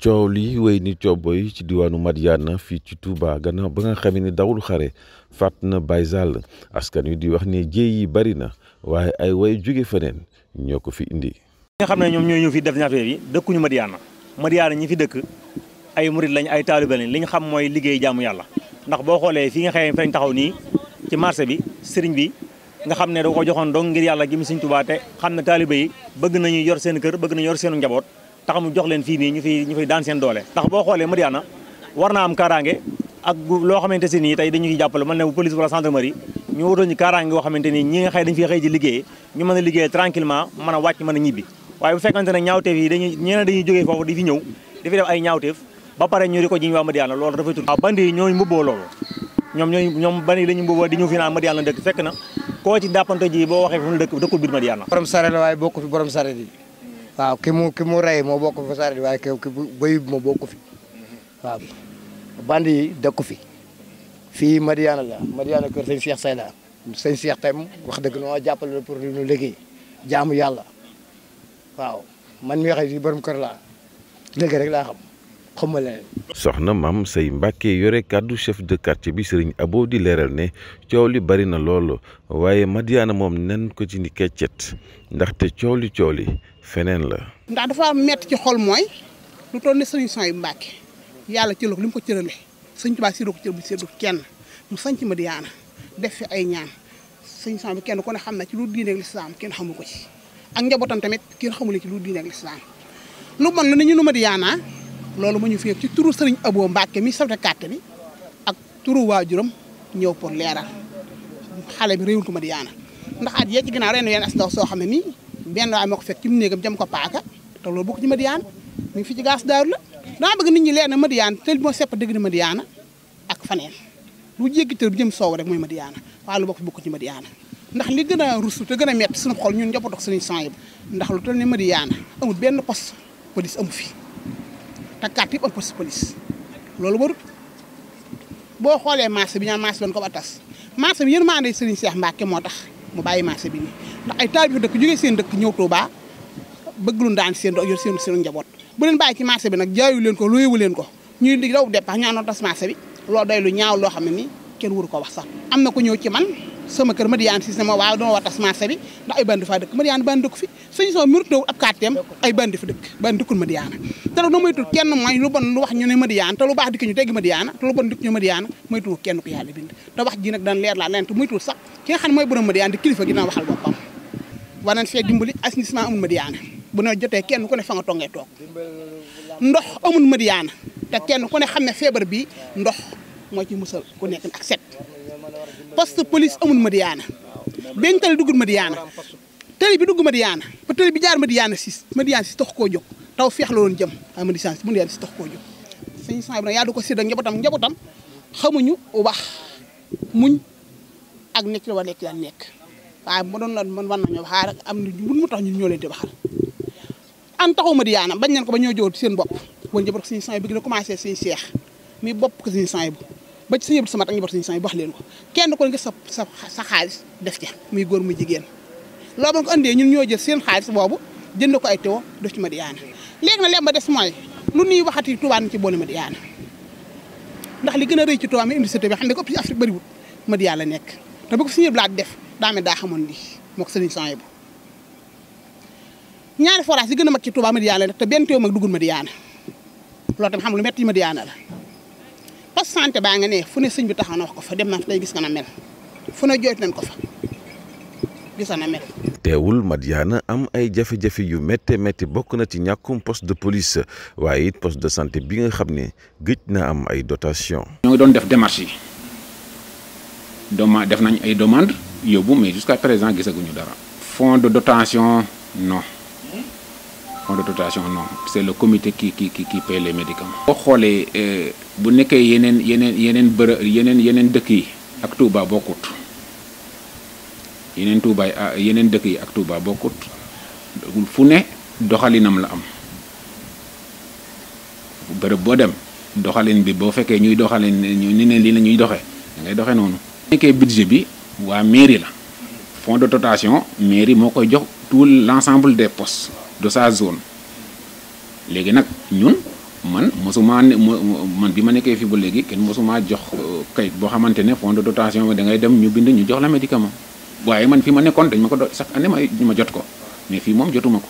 coow li wéy ni cooboy ci diwaanu Madiana fii ci Touba gannaaw ba nga xamee ni dawul xare fàtt na Baye Zall askan wi di wax ne jéey yi bari na waaye ay way jóge feneen ñoo ko fi indi. nga xam ne ñoom ñoo ñëw fii def affaire yi dëkkuñu Madiana Madiana ñi fi dëkk ay murit lañ ay taalibe lañ li ñu xam mooy liggéey jaamu yàlla ndax boo xoolee fii nga xamee fañ taxaw nii ci marché bi sëriñ bi nga xam ne da ko joxoon dong ngir yàlla gi mu Sëriñ Touba te xam ne taalibe y bëgg nañu yor seen kër bëgg nañu yor seenu njaboot. tax mu jox leen fii nii ñu fi ñu fiy daan seen doole ndax boo xoolee Madiyana war naa am kaaraange ak loo xamante si nii tey dañu ciy jàppale man ne bu police wala gendarmerie ñu wutal ñu kaaraange yoo xamante nii ñi nga xëy dañu fi xëy ji liggéey ñu mën a liggéey tranquillement mën a wàcc mën a ñibbi waaye bu fekkante ne ñaawteef yi dañuy ñeneen dañuy jógee foofu di fi ñëw di fi def ay ñaawteef ba ñu di ko jiñ waa Madiyana loolu rafetul waaw bandi bandi yi ñu mbubboo di waaw ki mu ki mu rey moo bokk fa saret waaye ki bëy bi moo bokk fi waaw bandi yi dëkku fi fii Madiana la Madiana kër sëñ Cheikh Say la sëñ Cheikh tam wax dëgg noo jàppale la pour ñu liggéey jaamu yàlla waaw man mi waxee si borom kër laa léegi rek la xam xawma leneen soxna maam say Mbàkke yore kàddu chef de quartier bi sëriñ Abo di leeral ne coow li bari na loolu waaye Madiana moom nen ko ci ni keccet ndaxte coow li coow li feneen la ndax dafa metti ci xol mooy lu toll ne sëriñ Soy Mbàkke yàlla cëloo ko li mu ko cërale sëñ Tuubaa si doo ko cër bu séddu kenn mu ci Madiana def fi ay ñaan sëñ Soy bi kenn ku ne xam na ci lu diine ak lislaam kenn xamu ko ci ak njabootam tamit kenn xamul ci lu diine ak lislaam loolu mu ñu fi ci turu sëriñ Abo Mbacke mi safte carte bi ak turu waajuram ñëw pour leeral xale bi réewul ko ma yaana ndax at yee ci as ndaw soo xam ne nii benn waay moo ko fekk ci mu néegam jëm ko paaka te loolu bokk ci Madiyana mi ngi fi ci gaas daaru la ñi leer na Madiyana te moo sepp dëgg na Madiyana ak faneen lu jéggi tër bu jëm soow rek mooy Madiyana waaye lu bokk ci Madiyana ndax li gën a rusu te gën a metti suñu xol ñun njoppatok suñu sang yi ndax lu toll ne Madiyana amul benn poste police amu fii takkaat yëpp am poste police loolu warut boo xoolee marché bi ñaan marché doon ko ba tas marché bi yërmande Serigne Cheikh Mbacke moo tax mu bàyyi marché bi nii ndax ay taalibe dëkk jógee seen dëkk ñëw Touba bëgg lu daan seen yor seen seen njaboot bu leen bàyyi ci marché bi nag jaayu leen ko looyewu leen ko ñuy di daw départ ñaanoo tas marché bi loolu day lu ñaaw loo xam ne nii kenn waru ko wax sax am na ko ñëw ci man sama kër Madiane Cissé ma waaw dama watas tas marché bi ndax ay dëkk fi suñu so murk do ab katem ay bandu fi dëkk bandi dëkkul di te loolu nag moytul kenn mooy lu bon lu wax ñu ne Madiane te lu baax dikk ñu teggi Madiane te lu bon dikk ñu Madiane moytul kenn ku yàlla bind te wax ji nag daan leer laa leen te moytul sax ki nga xam ne borom ma di kilifa gi dina waxal boppam war nañ fee dimbali assainissement amul Madiane bu ne jotee kenn ku ne fa nga toog ngay ndox amul Madiane te kenn ku ne ne bi ndox ci ku nekk ak set poste police amul Madiyana benn tali mariana Madiyana tali bi dugul Madiyana ba tali bi jaar mariana sis mariana sis tax ko jox taw feex la won jëm ah Madiyana sis Madiyana sis tax ko jox seigne sang bi nag du ko sédd njabotam njabotam njabootam xamuñu wax muñ ak nekk la war nekk la nekk mo don na man wan nañu xaar rek am na mun mu tax ñu ñoo leen di waxal an taxu Madiyana bañ nañ ko ba ñoo jóot seen bop won jëbat ko sëñ sang bi gëna commencé seigne cheikh mi bop ko seigne sang bu ba ci sëñ Abdou Samad ak njabootu sëñ Samb wax leen ko kenn ko ne sa sa sa xaalis def ca muy góor muy jigéen loolu ba ko andee ñun ñoo jël seen xaalis boobu jënd ko ay tewo def ci Madiyana léegi na lem ba des mooy lu nuy waxati Tuubaa nañ ci boole Madiyana ndax li gën a rëy ci Tuubaa mi université bi xam ne ko ëpp ci Afrique bëriwul Madiyana la nekk te bu ko def daa mel daa xamoon lii moo ko sëriñ Samb ñaari forage yi gën a mag ci Tuubaa Madiyana la te benn teew mag duggul Madiyana loolu tamit xam lu metti Madiyana la santé baa nga ne fu ne sëñ bi taxaw na wax ko fa dem na fa tey gis nga na mel fu ne jooytu nañ ko fa gis na mel. teewul Madiyana am ay jafe-jafe yu métte métti bokk na ci ñàkkum poste de police waaye it poste de santé bi nga xam ne gëj na am ay dotation ñoo ngi doon def démarché yi doma def nañ ay demande yóbbu mais jusqu'à présent gisaguñu dara fonds de dotation non de dotation non c'est le comité qui qui qui qui les médicaments. fonds de dotation mairie moko tout l'ensemble des postes. de sa zone léegi nag ñun man mosuma ne man bi ma nekkee fi ba léegi kenn mosuma jox euh, kayit boo xamante ne fond de dotation bi dangay dem ñu bind ñu jox la médicament waaye man fi ma nekkoon dañ ma ko do chaque année ma ma jot ko mais fii moom jotuma ko.